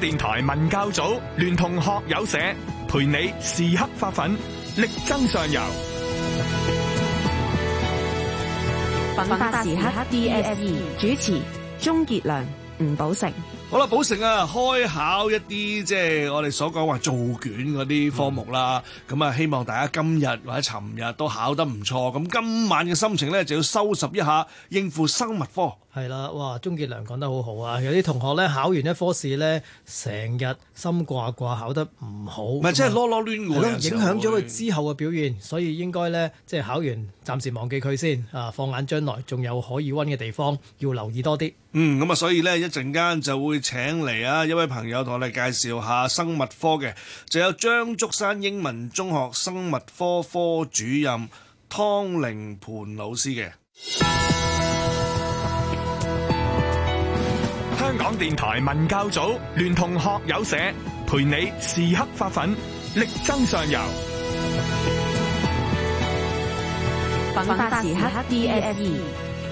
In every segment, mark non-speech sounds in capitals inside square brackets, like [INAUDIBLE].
電台文教組聯同學友社陪你時刻發奮，力爭上游。奮發時刻 DSE 主持鍾傑良、吳寶成。好啦，寶成啊，開考一啲即係我哋所講話做卷嗰啲科目啦。咁啊，希望大家今日或者尋日都考得唔錯。咁今晚嘅心情咧，就要收拾一下，應付生物科。係啦，哇、嗯！鍾傑良講得好好啊，有啲同學咧考完一科試咧，成日心掛掛，考得唔好，唔係真係囉囉攣影響咗佢之後嘅表現，所以應該咧即係考完暫時忘記佢先啊，放眼將來仲有可以温嘅地方要留意多啲。嗯，咁啊，所以咧一陣間就會請嚟啊一位朋友同我哋介紹下生物科嘅，就有張祝珊英文中學生物科科主任湯靈磐老師嘅。香港電台文教組聯同學友社陪你時刻發奮，力爭上游。粉發時刻 D A E，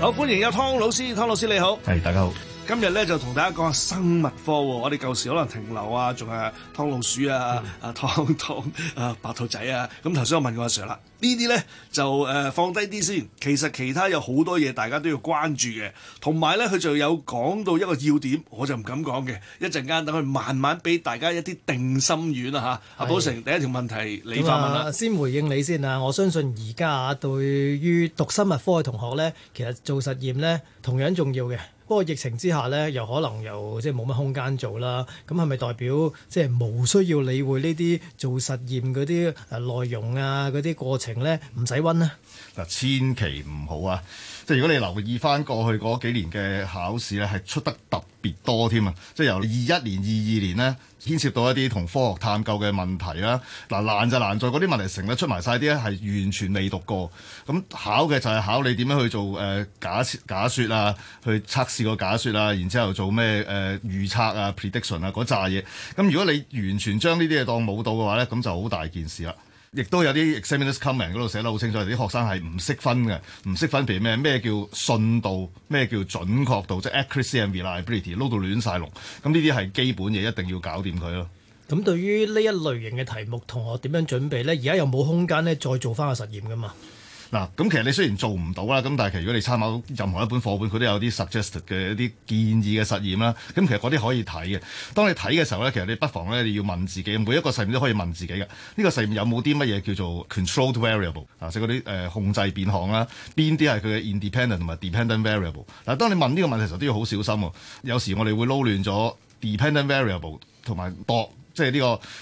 好歡迎阿湯老師，湯老師你好，係大家好。今日咧就同大家講下生物科，我哋舊時可能停留啊，仲係湯老鼠啊，啊湯湯啊白兔仔啊，咁頭先我問過阿 Sir 啦。呢啲呢就誒、呃、放低啲先，其實其他有好多嘢，大家都要關注嘅，同埋咧佢就有講到一個要點，我就唔敢講嘅。一陣間等佢慢慢俾大家一啲定心丸啊吓。阿寶成第一條問題，你發問啦。先回應你先啊，我相信而家對於讀生物科嘅同學咧，其實做實驗咧同樣重要嘅。不過疫情之下咧，又可能又即係冇乜空間做啦。咁係咪代表即係冇需要理會呢啲做實驗嗰啲誒內容啊、嗰啲過程？咧唔使溫啦。嗱，千祈唔好啊！即係如果你留意翻過去嗰幾年嘅考試咧，係出得特別多添啊！即係由二一年、二二年呢，牽涉到一啲同科學探究嘅問題啦。嗱，難就難在嗰啲問題成日出埋晒啲咧係完全未讀過。咁、嗯、考嘅就係考你點樣去做誒、呃、假假説啊，去測試個假説、呃、啊，然之後做咩誒預測啊、prediction 啊嗰扎嘢。咁、嗯、如果你完全將呢啲嘢當冇到嘅話咧，咁就好大件事啦。亦都有啲 examiners comment 嗰度寫得好清楚，啲學生係唔識分嘅，唔識分別咩咩叫信度，咩叫準確度，即 accuracy and reliability，撈到亂晒龍。咁呢啲係基本嘢，一定要搞掂佢咯。咁對於呢一類型嘅題目，同學點樣準備咧？而家有冇空間咧，再做翻個實驗㗎嘛？嗱，咁其實你雖然做唔到啦，咁但係其實如果你參考任何一本課本，佢都有啲 suggested 嘅一啲建議嘅實驗啦。咁其實嗰啲可以睇嘅。當你睇嘅時候咧，其實你不妨咧你要問自己，每一個實驗都可以問自己嘅。呢個實驗有冇啲乜嘢叫做 control variable 啊？即嗰啲誒控制變項啦。邊啲係佢嘅 independent 同埋 dependent variable？嗱，當你問呢個問題嘅時候都要好小心喎。有時我哋會撈亂咗 dependent variable 同埋度。即係呢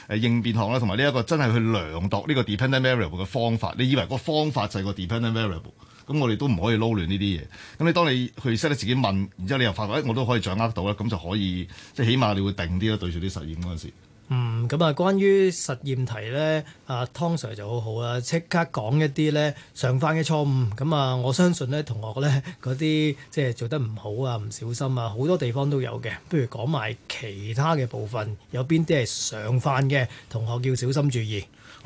個誒應變項啦，同埋呢一個真係去量度呢、這個 dependent variable 嘅方法。你以為個方法就係個 dependent variable，咁我哋都唔可以撈亂呢啲嘢。咁你當你去識得自己問，然之後你又發覺誒、哎，我都可以掌握到啦，咁就可以即係起碼你會定啲啦，對住啲實驗嗰陣時。嗯，咁啊，關於實驗題呢，阿、啊、湯 Sir 就好好啦，即刻講一啲呢常犯嘅錯誤。咁啊，我相信呢同學呢嗰啲即係做得唔好啊、唔小心啊，好多地方都有嘅。不如講埋其他嘅部分，有邊啲係常犯嘅，同學要小心注意。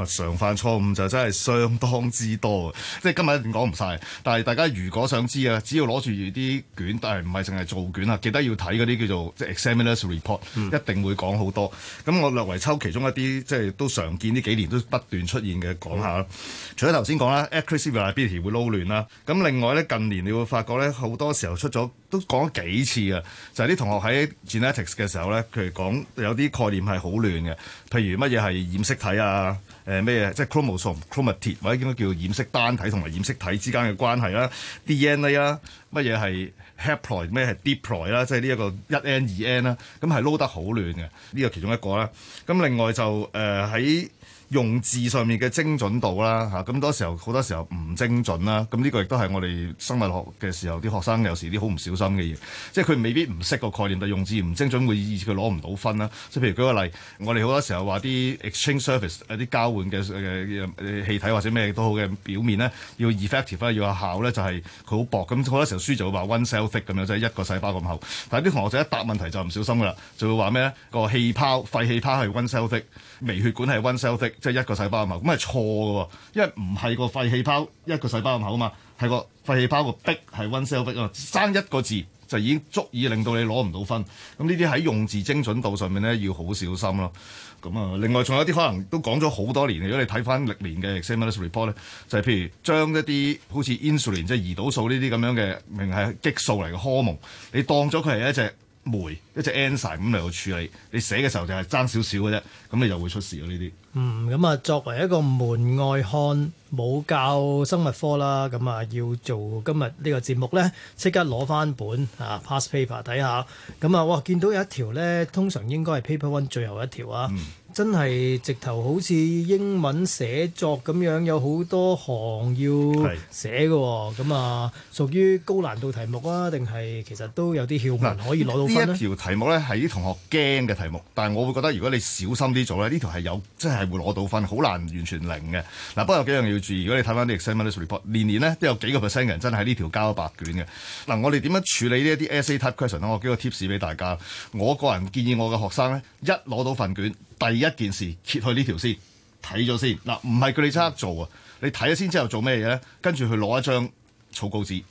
常犯錯誤就真係相當之多啊！即係今日一定講唔晒。但係大家如果想知啊，只要攞住啲卷，但係唔係淨係做卷啊，記得要睇嗰啲叫做即係 examiners report，嗯、一定會講好多。咁我略為抽其中一啲，即係都常見，呢幾年都不斷出現嘅，講下啦。嗯、除咗頭先講啦，accuracy and reliability 會撈亂啦。咁另外咧，近年你會發覺咧，好多時候出咗都講咗幾次啊，就係啲同學喺 genetics 嘅時候咧，譬如講有啲概念係好亂嘅，譬如乜嘢係染色體啊。誒咩嘢？即係 chromosome、chromatid 或者點樣叫染色單體同埋染色體之間嘅關係啦，DNA 啦，乜嘢係 haploid 咩係 diploid 啦，即係呢一個一 n 二 n 啦，咁係撈得好亂嘅，呢個其中一個啦。咁另外就誒喺，呃用字上面嘅精準度啦，嚇咁多時候好多時候唔精準啦，咁呢個亦都係我哋生物學嘅時候啲學生有時啲好唔小心嘅嘢，即係佢未必唔識個概念，但用字唔精準會意佢攞唔到分啦。即係譬如舉個例，我哋好多時候話啲 exchange surface 啊啲交換嘅嘅氣體或者咩都好嘅表面咧，要 effective 咧要有效咧就係佢好薄，咁好多時候書就會話 one cell thick 咁樣，即係、like, 一個細胞咁厚。但係啲同學就一答問題就唔小心㗎啦，就會話咩咧個氣泡肺氣泡係 one cell thick。微血管係 one cell 壁，即係一個細胞咁厚，咁係錯嘅喎，因為唔係個肺氣泡一個細胞咁厚啊嘛，係個肺氣泡個壁係 one cell 壁啊，爭一個字就已經足以令到你攞唔到分。咁呢啲喺用字精準度上面咧，要好小心咯。咁啊，另外仲有啲可能都講咗好多年，如果你睇翻歷年嘅 examiner report 咧，就係譬如將一啲好似 insulin 即係胰島素呢啲咁樣嘅明係激素嚟嘅荷蒙，你當咗佢係一隻。酶，一隻 answer 咁嚟去處理，你寫嘅時候就係爭少少嘅啫，咁你就會出事咯。呢啲嗯，咁啊，作為一個門外漢冇教生物科啦，咁啊要做今日呢個節目咧，即刻攞翻本啊 pass paper 睇下，咁啊哇，見到有一條咧，通常應該係 paper one 最後一條啊。嗯真係直頭好似英文寫作咁樣，有好多行要寫嘅，咁啊是，屬於高難度題目啊？定係其實都有啲竅門可以攞到分咧？呢一條題目咧係啲同學驚嘅題目，但係我會覺得如果你小心啲做咧，呢條係有真係會攞到分，好難完全零嘅。嗱，不過有幾樣要注意。如果你睇翻啲 examiners report 年年呢都有幾個 percent 嘅人真係呢條交白卷嘅。嗱，我哋點樣處理呢一啲 SA type question？我幾個 tips 俾大家。我個人建議我嘅學生咧，一攞到份卷。第一件事，揭開呢條先，睇咗先，嗱，唔係佢哋即刻做啊！你睇咗先之後做咩嘢咧？跟住去攞一張草稿紙。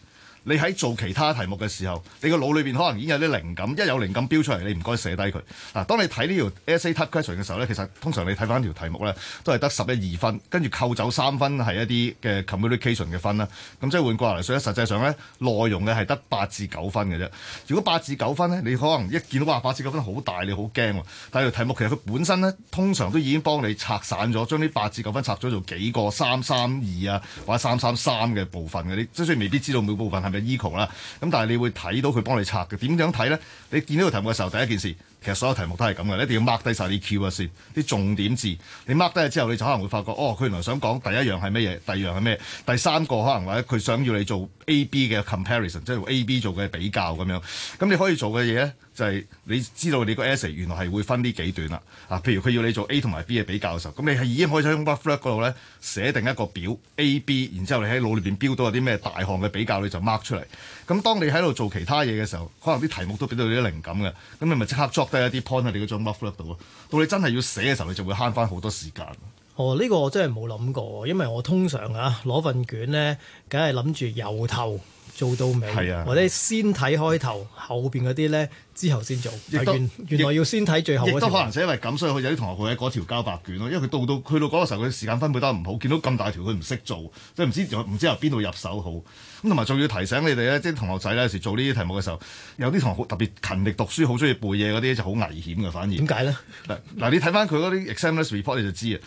你喺做其他題目嘅時候，你個腦裏邊可能已經有啲靈感，一有靈感標出嚟，你唔該寫低佢。嗱、啊，當你睇呢條 essay type question 嘅時候咧，其實通常你睇翻條題目咧，都係得十一二分，跟住扣走三分係一啲嘅 communication 嘅分啦。咁、啊嗯、即係換句話嚟講咧，所實際上咧內容嘅係得八至九分嘅啫。如果八至九分咧，你可能一見到哇八至九分好大，你好驚喎。但係條題目其實佢本身咧，通常都已經幫你拆散咗，將呢八至九分拆咗做幾個三三二啊，或者三三三嘅部分嘅，你即係雖然未必知道每部分係。e 啦，咁、嗯、但係你會睇到佢幫你拆嘅。點樣睇咧？你見到個題目嘅時候，第一件事其實所有題目都係咁嘅，你一定要 mark 低晒啲 key 啊先，啲重點字。你 mark 低之後，你就可能會發覺，哦，佢原來想講第一樣係咩嘢，第二樣係咩嘢？第三個可能或者佢想要你做 A、B 嘅 comparison，即係 A、B 做嘅比較咁樣。咁你可以做嘅嘢咧，就係、是、你知道你個 essay 原來係會分呢幾段啦。啊，譬如佢要你做 A 同埋 B 嘅比較嘅時候，咁你係已經可以喺 WordFlow 度咧寫定一個表 A、B，然之後你喺腦裏邊標到有啲咩大項嘅比較，你就 mark。出嚟，咁當你喺度做其他嘢嘅時候，可能啲題目都俾到你啲靈感嘅，咁你咪即刻 jot 低一啲 point 喺你嗰張 notebook 度咯，到你真係要寫嘅時候，你就會慳翻好多時間。哦，呢、這個我真係冇諗過，因為我通常啊攞份卷咧，梗係諗住由頭。做到尾，啊、或者先睇開頭，後邊嗰啲咧，之後先做。都原原來要先睇最後。亦都可能係因為咁，所以佢有啲同學會喺嗰條交白卷咯。因為佢到到去到嗰個時候，佢時間分配得唔好，見到咁大條，佢唔識做，即係唔知由唔知由邊度入手好。咁同埋仲要提醒你哋咧，即係同學仔咧，有時做呢啲題目嘅時候，有啲同學特別勤力讀書，好中意背嘢嗰啲就好危險嘅。反而點解咧？嗱，你睇翻佢嗰啲 examiners report 你就知啊。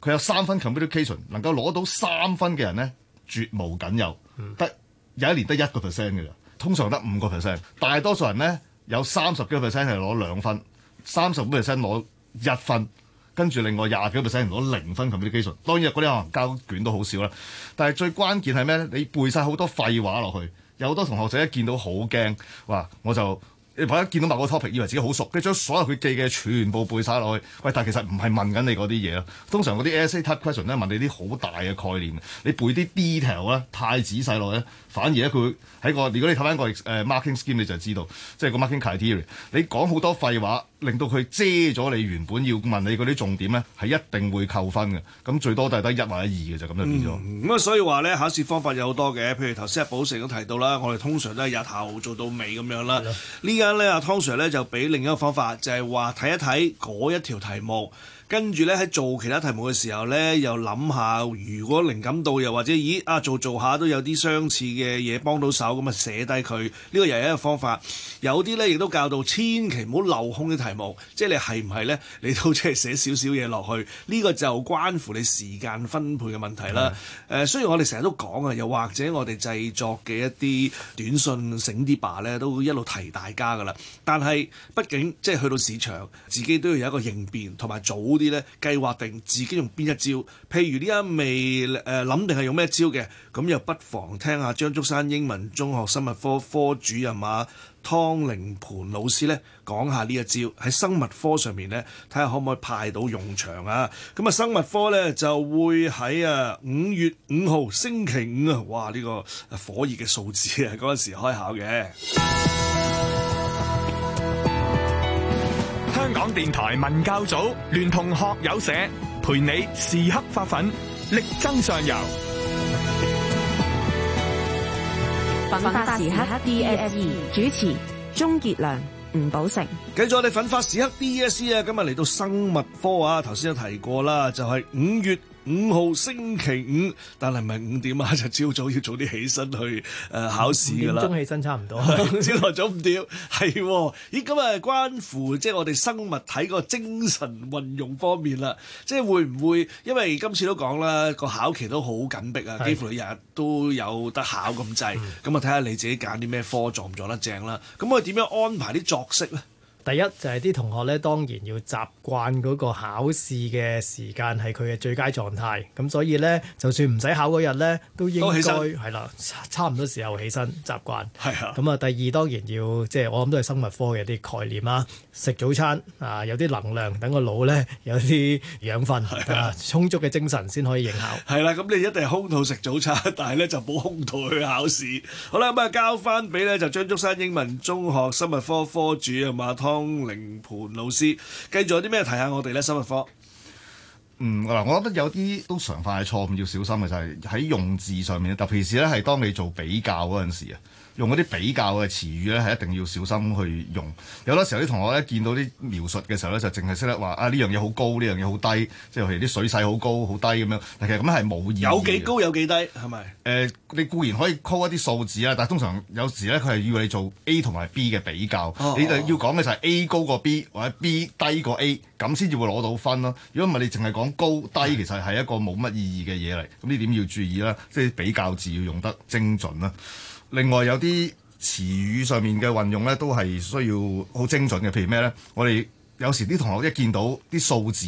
佢有三分 communication，能夠攞到三分嘅人咧，絕無僅有，得。嗯有一年得一個 percent 嘅啫，通常得五個 percent。大多數人咧，有三十幾個 percent 係攞兩分，三十五 percent 攞一分，跟住另外廿幾 percent 攞零分同嗰啲基數。當然有嗰啲可能交卷都好少啦。但係最關鍵係咩咧？你背晒好多廢話落去，有好多同學仔一見到好驚，話我就。你第一見到某個 topic，以為自己好熟，跟住將所有佢記嘅全部背晒落去。喂，但係其實唔係問緊你嗰啲嘢咯。通常嗰啲 essay type question 咧問你啲好大嘅概念，你背啲 detail 咧太仔細落咧，反而咧佢喺個如果你睇翻個誒 marking scheme 你就知道，即係個 marking criteria。你講好多廢話。令到佢遮咗你原本要問你嗰啲重點咧，係一定會扣分嘅。咁最多都係得一或一二嘅就咁就變咗。咁啊、嗯，所以話咧考試方法有好多嘅，譬如頭先阿保成都提到啦，我哋通常都係日頭做到尾咁樣啦。嗯、呢間咧阿湯 Sir 咧就俾另一個方法，就係話睇一睇嗰一條題目。跟住咧喺做其他題目嘅時候咧，又諗下如果靈感到，又或者咦啊做做下都有啲相似嘅嘢幫到手，咁啊寫低佢呢個又係一個方法。有啲咧亦都教導千祈唔好漏空啲題目，即係你係唔係咧？你都即係寫少少嘢落去，呢、這個就關乎你時間分配嘅問題啦。誒、嗯呃，雖然我哋成日都講啊，又或者我哋製作嘅一啲短信醒啲吧咧，都一路提大家噶啦。但係畢竟即係去到市場自己都要有一個應變同埋早。啲咧計劃定自己用邊一招？譬如呢一味誒諗定係用咩招嘅？咁又不妨聽下張祝珊英文中學生物科科主任啊湯靈磐老師咧講下呢一招喺生物科上面咧，睇下可唔可以派到用場啊？咁啊生物科咧就會喺啊五月五號星期五啊，哇呢個火熱嘅數字啊，嗰陣時開考嘅。香港電台文教組聯同學友社陪你時刻發奮，力爭上游。奮發時刻 DSE 主持鍾杰良、吳寶成。繼續我哋奮發時刻 DSE 啊！今日嚟到生物科啊，頭先有提過啦，就係五月。五號星期五，但係唔係五點啊？就朝早要早啲起身去誒考試㗎啦。五點鐘起身差唔多，朝頭早五點，係喎？咦？咁啊關乎即係我哋生物體個精神運用方面啦，即係會唔會？因為今次都講啦，個考期都好緊迫啊，幾乎日日都有得考咁滯。咁啊，睇下你自己揀啲咩科，撞唔撞得正啦？咁我點樣安排啲作息咧？第一就係、是、啲同學咧，當然要習慣嗰個考試嘅時間係佢嘅最佳狀態。咁所以咧，就算唔使考嗰日咧，都應該係啦、哦，差唔多時候起身習慣。係啊的。咁啊，第二當然要即係我諗都係生物科嘅一啲概念啦。食早餐啊，有啲能量，等個腦咧有啲養分，的充足嘅精神先可以應考。係啦，咁你一定係空肚食早餐，但係咧就冇空肚去考試。好啦，咁啊交翻俾咧就張祝珊英文中學生物科科，科主啊馬湯靈磐老師，繼續有啲咩提下我哋咧？生物科，嗯嗱，我覺得有啲都常犯嘅錯誤要小心嘅就係、是、喺用字上面，特別是咧係當你做比較嗰陣時啊。用嗰啲比較嘅詞語咧，係一定要小心去用。有多時候啲同學咧，見到啲描述嘅時候咧，就淨係識得話啊呢樣嘢好高，呢樣嘢好低，即係譬如啲水勢好高好低咁樣。但其實咁樣係冇意義。有幾高有幾低係咪？誒、呃，你固然可以 call 一啲數字啦，但係通常有時咧，佢係要你做 A 同埋 B 嘅比較，你就要講嘅就係 A 高過 B 或者 B 低過 A，咁先至會攞到分咯。如果唔係，你淨係講高低，其實係一個冇乜意義嘅嘢嚟。咁呢點要注意啦，即係比較字要用得精準啦。另外有啲詞語上面嘅運用咧，都係需要好精準嘅。譬如咩咧？我哋有時啲同學一見到啲數字，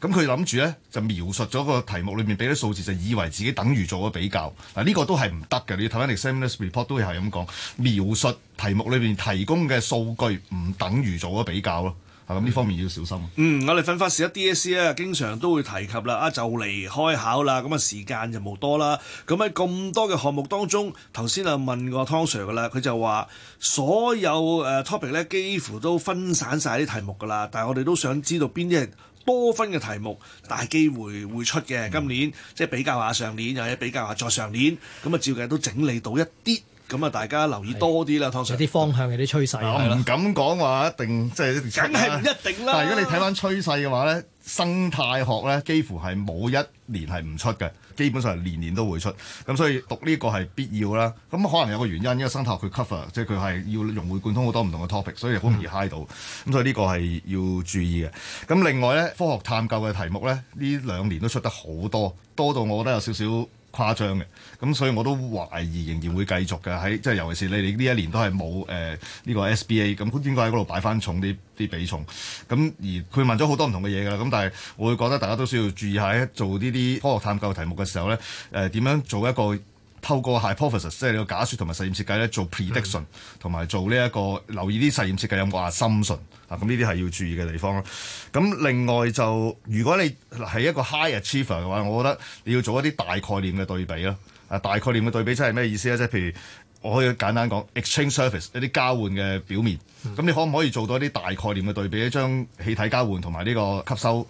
咁佢諗住咧就描述咗個題目裏面俾啲數字，就以為自己等於做咗比較。嗱，呢個都係唔得嘅。你要睇翻你 examiners report 都會係咁講，描述題目裏面提供嘅數據唔等於做咗比較咯。咁呢方面要小心。嗯，我哋分發時一 DSE 咧，經常都會提及啦。啊，就嚟開考啦，咁啊時間就冇多啦。咁喺咁多嘅項目當中，頭先啊問過湯 sir 噶啦，佢就話所有誒、呃、topic 咧，幾乎都分散晒啲題目噶啦。但係我哋都想知道邊啲係多分嘅題目，大機會會出嘅。今年、嗯、即係比較下上年，又或者比較下再上年，咁啊照計都整理到一啲。咁啊，大家留意多啲啦，有啲是方向，有啲趨勢，我唔 [LAUGHS] 敢講話一定，即係梗係唔一定啦。但係如果你睇翻趨勢嘅話咧，生態學咧幾乎係冇一年係唔出嘅，基本上年年都會出。咁所以讀呢個係必要啦。咁可能有個原因，因為生態學佢 cover，即係佢係要融會貫通好多唔同嘅 topic，所以好容易 high 到。咁、嗯、所以呢個係要注意嘅。咁另外咧，科學探究嘅題目咧，呢兩年都出得好多，多到我覺得有少少。誇張嘅，咁所以我都懷疑仍然會繼續嘅喺，即係、就是、尤其是你你呢一年都係冇誒呢個 SBA，咁應該喺嗰度擺翻重啲啲比重，咁而佢問咗好多唔同嘅嘢㗎喇，咁但係我會覺得大家都需要注意下咧，喺做呢啲科學探究題目嘅時候咧，誒、呃、點樣做一個。透過 hypothesis 即係你個假説同埋實驗設計咧做 prediction，同埋、嗯、做呢、這、一個留意啲實驗設計有冇話 assumption 啊，咁呢啲係要注意嘅地方咯。咁、啊、另外就如果你係一個 high achiever 嘅話，我覺得你要做一啲大概念嘅對比咯。啊，大概念嘅對比即係咩意思咧？即係譬如我可以簡單講 exchange surface 一啲交換嘅表面，咁、嗯、你可唔可以做到一啲大概念嘅對比？將氣體交換同埋呢個吸收。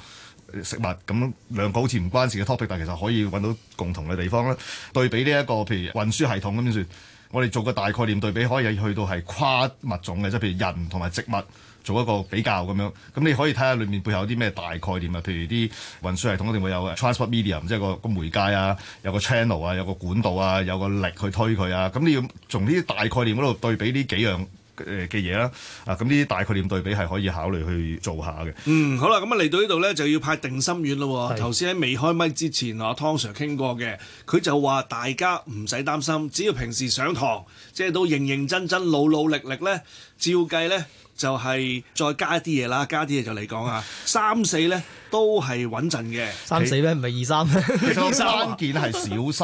食物咁，兩個好似唔關事嘅 topic，但係其實可以揾到共同嘅地方啦。對比呢一個譬如運輸系統咁先算，我哋做個大概念對比，可以去到係跨物種嘅，即係譬如人同埋植物做一個比較咁樣。咁你可以睇下裡面背後有啲咩大概念啊？譬如啲運輸系統一定會有 transport medium，即係個個媒介啊，有個 channel 啊，有個管道啊，有個力去推佢啊。咁你要從呢啲大概念嗰度對比呢幾樣。誒嘅嘢啦，啊咁呢啲大概念對比係可以考慮去做下嘅、嗯。嗯，好啦，咁啊嚟到呢度呢，就要派定心丸咯、哦。頭先喺未開麥之前，阿湯 Sir 傾過嘅，佢就話大家唔使擔心，只要平時上堂，即係都認認真真、努努力力呢，照計呢。就係再加啲嘢啦，加啲嘢就嚟講啊，三四呢其三四咧都係穩陣嘅。三四咩？唔係二三咩？關鍵係小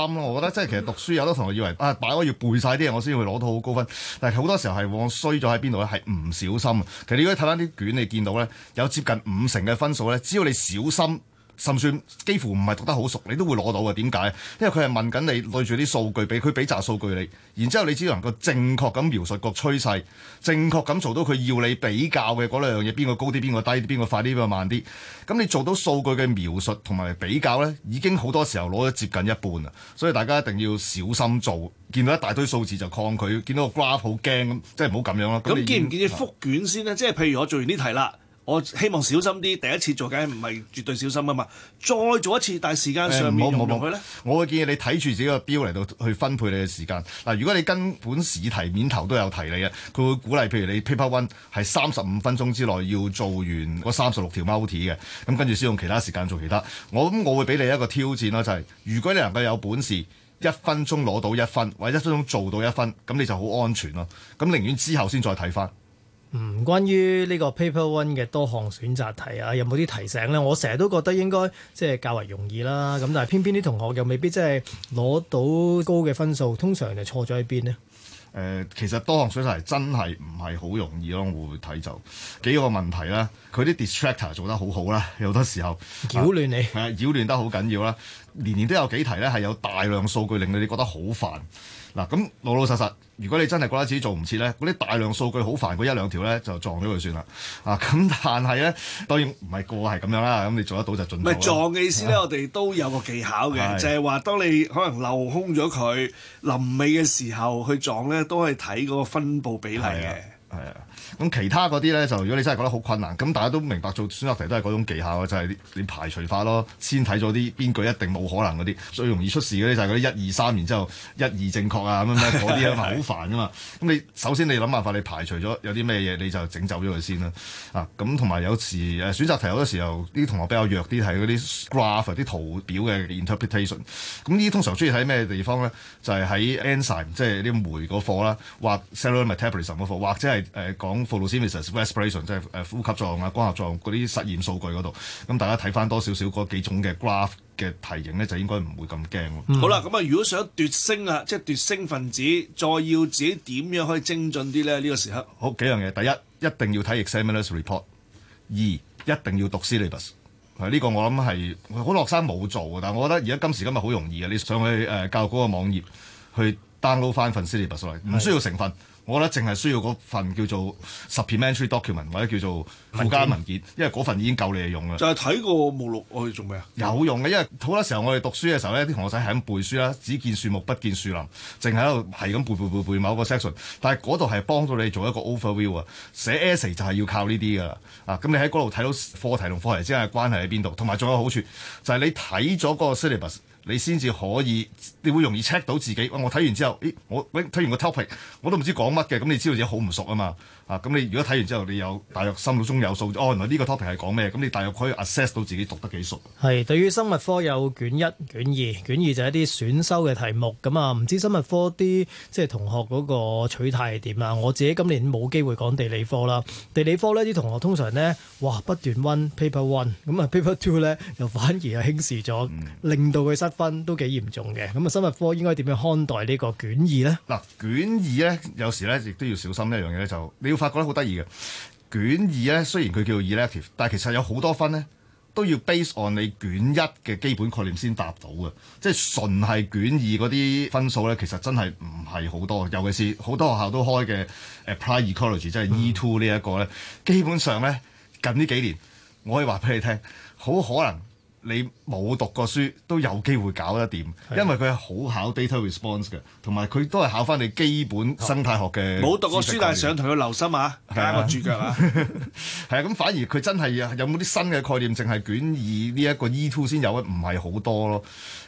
心咯。我覺得即係其實讀書有好多同學以為啊，擺個月要背晒啲嘢，我先會攞到好高分，但係好多時候係往衰咗喺邊度咧，係唔小心。其實你如果睇翻啲卷，你見到咧有接近五成嘅分數咧，只要你小心。甚至幾乎唔係讀得好熟，你都會攞到嘅。點解？因為佢係問緊你對住啲數據俾佢俾集數據你，據你據然之後你只能夠正確咁描述個趨勢，正確咁做到佢要你比較嘅嗰兩樣嘢，邊個高啲，邊個低啲，邊個快啲，邊個慢啲。咁你做到數據嘅描述同埋比較咧，已經好多時候攞咗接近一半啦。所以大家一定要小心做，見到一大堆數字就抗拒，見到個 graph 好驚咁，即係唔好咁樣咯。咁見唔見啲覆卷先咧？即係譬如我做完啲題啦。我希望小心啲，第一次做緊唔係絕對小心啊嘛。再做一次，但係時間上面、欸、用落去咧，我建議你睇住自己個表嚟到去分配你嘅時間。嗱，如果你根本試題面頭都有提你嘅，佢會鼓勵譬如你 Paper One 係三十五分鐘之內要做完嗰三十六條 Multi 嘅，咁跟住先用其他時間做其他。我咁，我會俾你一個挑戰啦，就係、是、如果你能夠有本事一分鐘攞到一分，或者一分鐘做到一分，咁你就好安全咯。咁寧願之後先再睇返。唔、嗯、關於呢個 Paper One 嘅多項選擇題啊，有冇啲提醒咧？我成日都覺得應該即係較為容易啦，咁但係偏偏啲同學又未必即係攞到高嘅分數。通常就錯咗喺邊呢？誒、呃，其實多項選擇題真係唔係好容易咯。我會睇就幾個問題啦，佢啲 distractor 做得好好啦，有好多時候擾亂你，係、啊、擾亂得好緊要啦。年年都有幾題咧係有大量數據令到你覺得好煩。嗱咁老老實實，如果你真係覺得自己做唔切咧，嗰啲大量數據好煩，嗰一兩條咧就撞咗佢算啦。啊咁，但係咧當然唔係個個係咁樣啦。咁你做得到就進步。撞嘅意思咧，我哋都有個技巧嘅，啊、就係話當你可能漏空咗佢臨尾嘅時候去撞咧，都係睇嗰個分佈比例嘅。係啊。咁其他嗰啲咧，就如果你真係覺得好困難，咁大家都明白做選擇題都係嗰種技巧嘅，就係你排除法咯，先睇咗啲邊句一定冇可能嗰啲，最容易出事嗰啲就係嗰啲一二三，然之後一二正確啊咁樣咩嗰啲啊嘛，好煩噶嘛。咁你首先你諗辦法，你排除咗有啲咩嘢，你就整走咗佢先啦。啊，咁同埋有時誒選擇題，有啲時候啲同學比較弱啲，係嗰啲 graph 或啲圖表嘅 interpretation。咁呢啲通常中意喺咩地方咧？就係喺 enzyme，即係啲酶個課啦，或 cellular metabolism 個課，或者係誒。呃講肺路 stimulus respiration 即係誒呼吸作用啊光合作用嗰啲實驗數據嗰度，咁大家睇翻多少少嗰幾種嘅 graph 嘅題型咧，就應該唔會咁驚咯。嗯、好啦，咁啊，如果想奪星啊，即係奪星分子，再要自己點樣可以精進啲咧？呢、這個時刻，好幾樣嘢。第一，一定要睇 examiner's report；二，一定要讀 syllabus 呢個我諗係好多學生冇做嘅，但係我覺得而家今時今日好容易啊。你想去誒、呃、教育嗰個網頁去 download 翻份 syllabus 出嚟，唔需要成份。我覺得淨係需要嗰份叫做 supplementary document 或者叫做附加文件，因為嗰份已經夠你用啦。就係睇個目錄，我去做咩啊？有用嘅，因為好多時候我哋讀書嘅時候咧，啲同學仔係咁背書啦，只見樹木不見樹林，淨係喺度係咁背背背背，背某個 section。但係嗰度係幫到你做一個 overview 啊。寫 essay 就係要靠呢啲㗎啦。啊，咁你喺嗰度睇到課題同課題之間嘅關係喺邊度？同埋仲有，仲有個好處就係、是、你睇咗嗰個你先至可以，你會容易 check 到自己。哎、我睇完之後，咦，我睇完個 topic，我都唔知講乜嘅。咁你知道自己好唔熟啊嘛？啊，咁你如果睇完之後，你有大約心目中有數，哦，原來呢個 topic 係講咩，咁你大約可以 assess 到自己讀得幾熟。係，對於生物科有卷一、卷二，卷二就係一啲選修嘅題目，咁、嗯、啊，唔知生物科啲即係同學嗰個取態係點啊？我自己今年冇機會講地理科啦，地理科呢啲同學通常呢，哇不斷溫 paper one，咁啊 paper two 咧又反而係輕視咗，嗯、令到佢失分都幾嚴重嘅。咁、嗯、啊，生物科應該點樣看待呢個卷二呢？嗱、啊，卷二咧有時咧亦都要小心一樣嘢咧，就你發覺咧，好得意嘅卷二咧，雖然佢叫 elective，但係其實有好多分咧都要 based on 你卷一嘅基本概念先答到嘅，即係純係卷二嗰啲分數咧，其實真係唔係好多。尤其是好多學校都開嘅誒 Applied Ecology，即係 E2 呢一個咧， [LAUGHS] 基本上咧近呢幾年，我可以話俾你聽，好可能。你冇讀過書都有機會搞得掂，因為佢係好考 data response 嘅，同埋佢都係考翻你基本生態學嘅。冇、哦、讀過書，但係想同佢留心啊，啊加個豬腳啊。係 [LAUGHS] 啊，咁反而佢真係有冇啲新嘅概念，淨係卷二呢一個 E two 先有啊？唔係好多咯。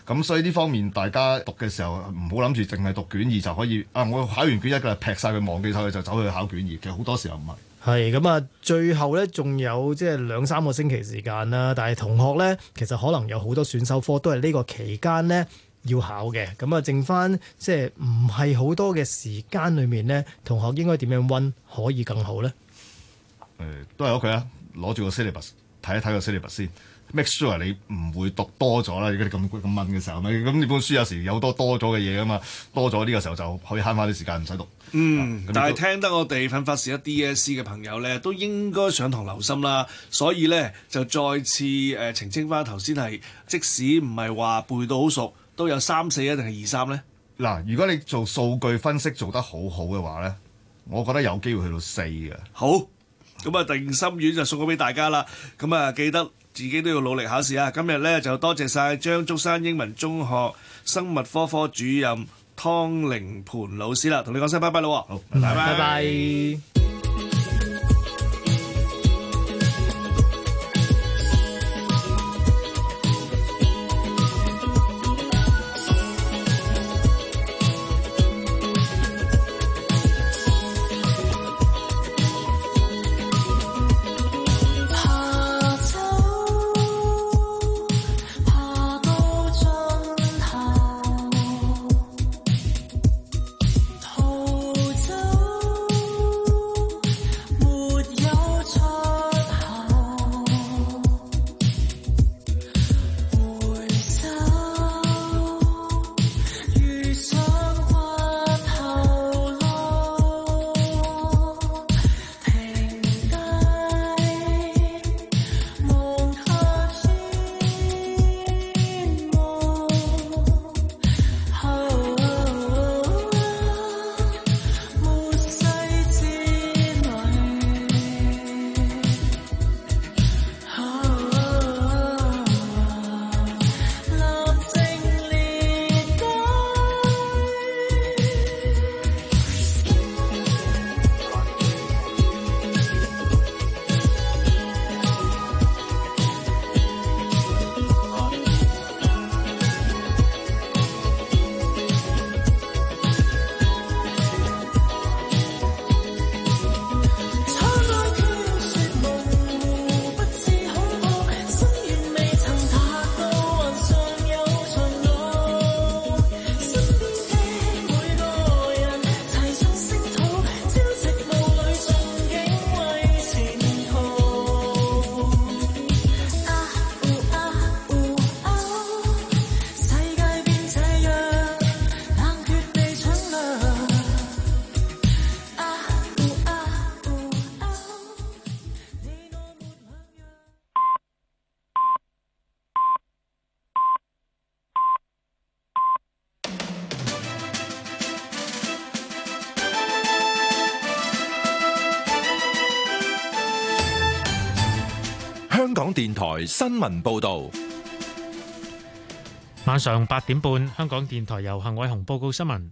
咁所以呢方面，大家讀嘅時候唔好諗住淨係讀卷二就可以。啊，我考完卷一嘅，劈晒佢忘記晒佢，就走去考卷二。其實好多時候唔係。係咁啊！最後咧，仲有即係兩三個星期時間啦。但係同學咧，其實可能有好多選修科都係呢個期間咧要考嘅。咁啊，剩翻即係唔係好多嘅時間裏面咧，同學應該點樣温可以更好咧？誒、嗯，都係攞佢啊！攞住個 syllabus 睇一睇個 syllabus 先，make sure 你唔會讀多咗啦。而家你咁咁問嘅時候，咪咁呢本書有時有多多咗嘅嘢噶嘛？多咗呢個時候就可以慳翻啲時間，唔使讀。嗯，但係聽得我哋奮發時一 DSE 嘅朋友呢，都應該上堂留心啦。所以呢，就再次誒、呃、澄清翻頭先係，即使唔係話背到好熟，都有三四一定係二三呢。嗱、啊，如果你做數據分析做得好好嘅話呢，我覺得有機會去到四嘅。好，咁啊定心丸就送咗俾大家啦。咁啊，記得自己都要努力考試啊。今日呢，就多謝晒張祝珊英文中學生物科科主任。湯靈磐老師啦，同你講聲拜拜啦，好，拜拜。拜拜拜拜。電台新聞報道，晚上八點半，香港電台由行偉雄報告新聞。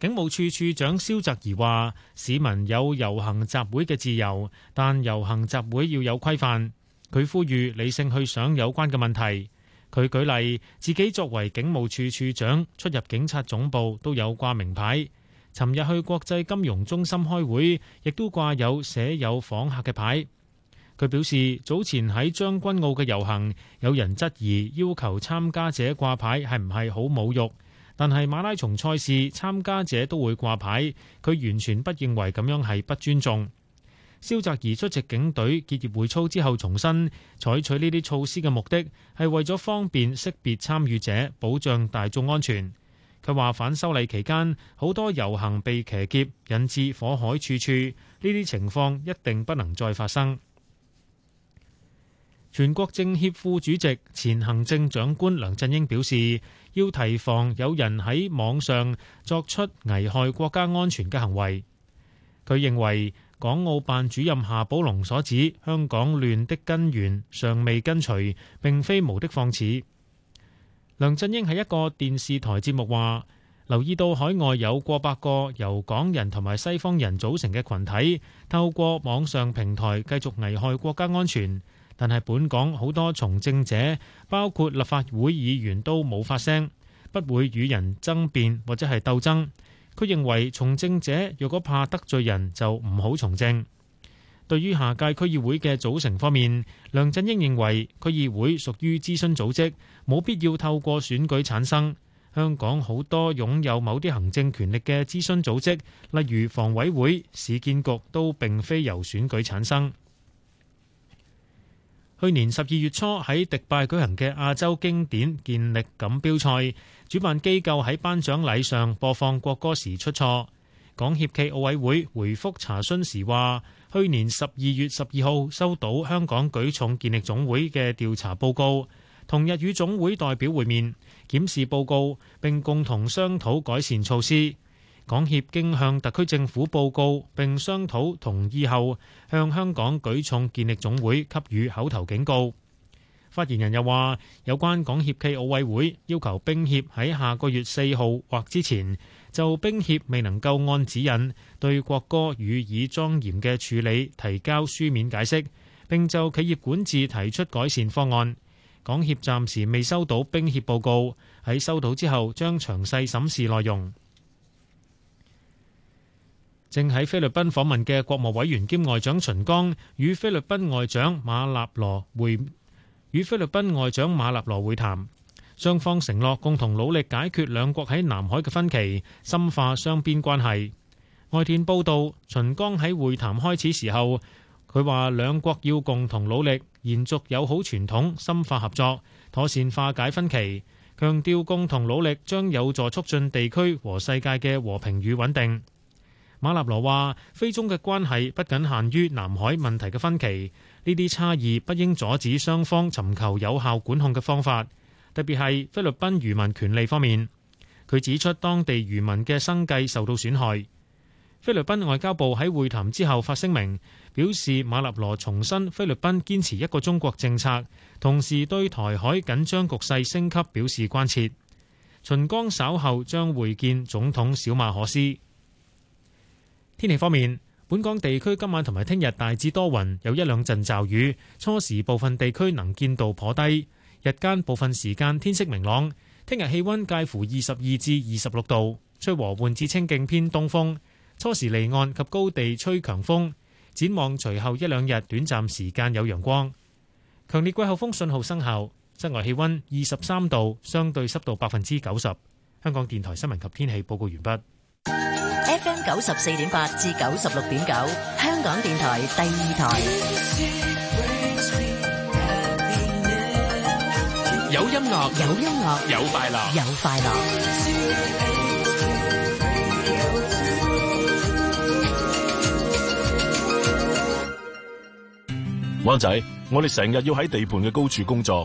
警務處處長蕭澤頤話，市民有遊行集會嘅自由，但遊行集會要有規範。佢呼籲理性去想有關嘅問題。佢舉例，自己作為警務處處長，出入警察總部都有掛名牌。尋日去國際金融中心開會，亦都掛有寫有訪客嘅牌。佢表示，早前喺將軍澳嘅遊行，有人質疑要求參加者掛牌係唔係好侮辱？但係馬拉松賽事參加者都會掛牌，佢完全不認為咁樣係不尊重。蕭澤頤出席警隊結業會操之後，重申採取呢啲措施嘅目的係為咗方便識別參與者，保障大眾安全。佢話反修例期間好多遊行被騎劫，引致火海處處，呢啲情況一定不能再發生。全國政協副主席、前行政長官梁振英表示，要提防有人喺網上作出危害國家安全嘅行為。佢認為，港澳辦主任夏寶龍所指香港亂的根源尚未根除，並非無的放矢。梁振英喺一個電視台節目話：留意到海外有過百個由港人同埋西方人組成嘅群體，透過網上平台繼續危害國家安全。但係，本港好多從政者，包括立法會議員，都冇發聲，不會與人爭辯或者係鬥爭。佢認為從政者若果怕得罪人，就唔好從政。對於下屆區議會嘅組成方面，梁振英認為區議會屬於諮詢組織，冇必要透過選舉產生。香港好多擁有某啲行政權力嘅諮詢組織，例如房委會、市建局，都並非由選舉產生。去年十二月初喺迪拜舉行嘅亞洲經典健力錦標賽，主辦機構喺頒獎禮上播放國歌時出錯。港協暨奧委會回覆查詢時話，去年十二月十二號收到香港舉重健力總會嘅調查報告，同日與總會代表會面檢視報告，並共同商討改善措施。港協經向特區政府報告並商討同意後，向香港舉重健力總會給予口頭警告。發言人又話：有關港協暨奧委會要求冰協喺下個月四號或之前就冰協未能夠按指引對國歌予以莊嚴嘅處理提交書面解釋，並就企業管治提出改善方案。港協暫時未收到冰協報告，喺收到之後將詳細審視內容。正喺菲律賓訪問嘅國務委員兼外長秦剛與菲律賓外長馬納羅會與菲律賓外長馬納羅會談，雙方承諾共同努力解決兩國喺南海嘅分歧，深化雙邊關係。外電報道，秦剛喺會談開始時候，佢話兩國要共同努力，延續友好傳統，深化合作，妥善化解分歧，強調共同努力將有助促進地區和世界嘅和平與穩定。馬立羅話：菲中嘅關係不僅限於南海問題嘅分歧，呢啲差異不應阻止雙方尋求有效管控嘅方法，特別係菲律賓漁民權利方面。佢指出，當地漁民嘅生計受到損害。菲律賓外交部喺會談之後發聲明，表示馬立羅重申菲律賓堅持一個中國政策，同時對台海緊張局勢升級表示關切。秦剛稍後將會見總統小馬可斯。天氣方面，本港地區今晚同埋聽日大致多雲，有一兩陣驟雨。初時部分地區能見度頗低，日間部分時間天色明朗。聽日氣溫介乎二十二至二十六度，吹和緩至清勁偏東風。初時離岸及高地吹強風。展望隨後一兩日短暫時間有陽光。強烈季候風信號生效，室外氣溫二十三度，相對濕度百分之九十。香港電台新聞及天氣報告完畢。FM 九十四點八至九十六點九，香港電台第二台。有音樂，有音樂，有快樂，有快樂。灣仔，我哋成日要喺地盤嘅高處工作。